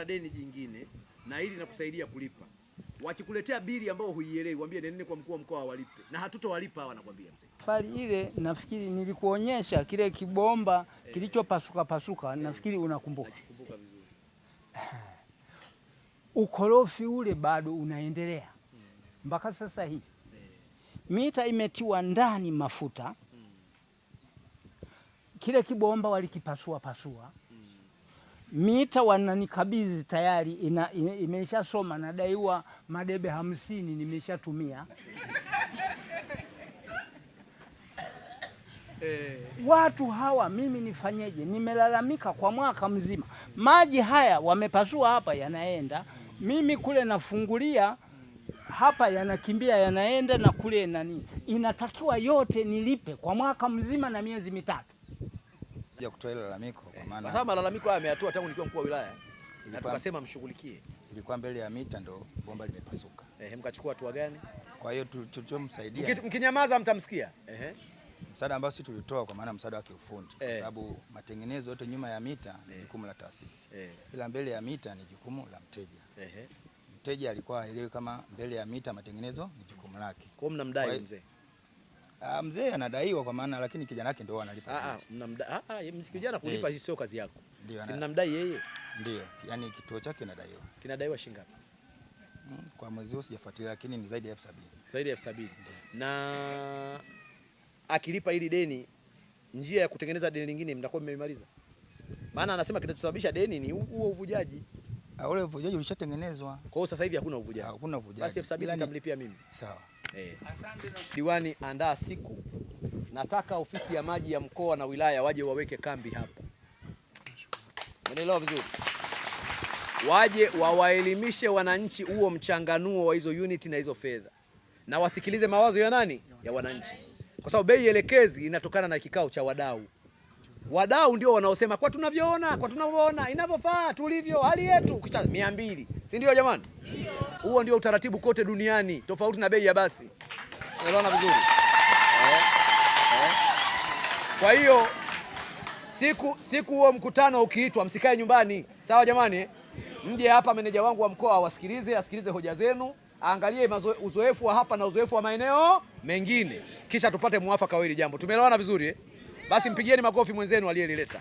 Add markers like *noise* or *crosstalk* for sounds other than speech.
na deni jingine na hili nakusaidia kulipa. Wakikuletea bili ambao huielewi, waambie nene kwa mkuu wa mkoa walipe, na hatutowalipa hawa, nakwambia mzee. Fali ile nafikiri nilikuonyesha kile kibomba eh, kilichopasuka pasuka eh, nafikiri unakumbuka. Nakumbuka vizuri. *sighs* Ukorofi ule bado unaendelea hmm. mpaka sasa hivi eh. mita imetiwa ndani mafuta hmm, kile kibomba walikipasua pasua mita wananikabidhi tayari ina, ina, imeshasoma nadaiwa madebe hamsini nimeshatumia. Eh, watu hawa mimi nifanyeje? Nimelalamika kwa mwaka mzima, maji haya wamepasua hapa yanaenda, mimi kule nafungulia hapa yanakimbia yanaenda na kule nani, inatakiwa yote nilipe kwa mwaka mzima na miezi mitatu kuja kutoa ile lalamiko kwa eh, maana kwa sababu malalamiko haya ameyatoa tangu nikiwa mkuu wa wilaya na tukasema mshughulikie. Ilikuwa mbele ya mita ndo bomba limepasuka. Ehe, mkachukua hatua gani? Kwa hiyo tulichomsaidia mkinyamaza mtamsikia. Ehe. Msaada ambao sisi tulitoa kwa maana msaada wa kiufundi kwa eh. sababu matengenezo yote nyuma ya mita ni eh. jukumu la taasisi. Ila mbele ya mita ni jukumu la mteja. Ehe. Mteja alikuwa haelewi kama mbele ya mita matengenezo ni jukumu lake. Kwa hiyo mnamdai mzee? Ah, mzee anadaiwa kwa maana lakini kijana yake ndio analipa. Ah, ah mnamda ah, ah kijana kulipa sio kazi yako. Si mnamdai yeye. Ndio. Yaani kituo chake kinadaiwa. Kinadaiwa shilingi ngapi? Hmm, kwa mwezi huo sijafuatilia lakini ni zaidi ya elfu sabini. Zaidi ya elfu sabini. Na akilipa hili deni njia ya kutengeneza deni lingine mtakuwa mmemaliza. Maana anasema kinachosababisha deni ni huo uvujaji. Ah, ule uvujaji ulishatengenezwa. Kwa hiyo sasa hivi hakuna uvujaji. Hakuna uvujaji. Basi elfu sabini nitamlipia yaani, mimi. Sawa. Eh. Asante diwani, andaa siku. Nataka ofisi ya maji ya mkoa na wilaya waje waweke kambi hapa. Umeelewa vizuri? Waje wawaelimishe wananchi huo mchanganuo wa hizo unit na hizo fedha, na wasikilize mawazo ya nani? Ya wananchi, kwa sababu bei elekezi inatokana na kikao cha wadau wadau ndio wanaosema kwa tunavyoona, kwa tunavyoona inavyofaa, tulivyo hali yetu kisha mia mbili, si ndio jamani? Ndio huo ndio utaratibu kote duniani, tofauti na bei ya basi. Unaona vizuri eh, eh. Kwa hiyo siku siku huo mkutano ukiitwa, msikae nyumbani, sawa jamani? Mje hapa, meneja wangu wa mkoa awasikilize, asikilize hoja zenu, aangalie uzoefu wa hapa na uzoefu wa maeneo mengine, kisha tupate mwafaka wa hili jambo. Tumeelewana vizuri eh? Basi mpigieni makofi mwenzenu aliyelileta.